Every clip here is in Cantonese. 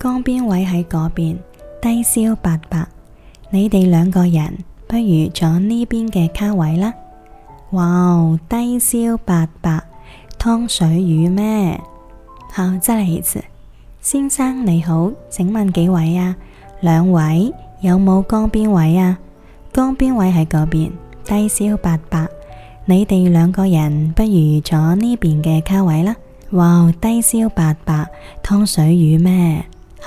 江邊位喺嗰邊，低消八百，你哋兩個人，不如坐呢邊嘅卡位啦。哇，低消八百，劏水魚咩？好，真係。先生你好，請問幾位啊？兩位，有冇江邊位啊？江邊位喺嗰邊，低消八百，你哋兩個人，不如坐呢邊嘅卡位啦。哇，低消八百，劏水魚咩？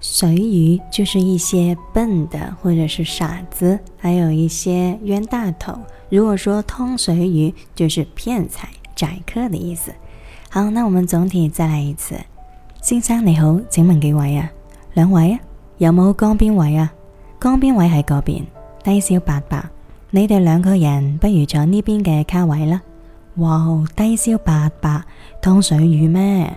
水魚就是一些笨的或者是傻子，還有一些冤大頭。如果說劏水魚，就是騙財宰客的意思。好，那我們總體再來一次。先生你好，請問幾位啊？兩位啊？有冇江邊位啊？江邊位喺嗰邊，低消八百。你哋兩個人，不如坐呢邊嘅卡位啦。哇，低消八百，劏水魚咩？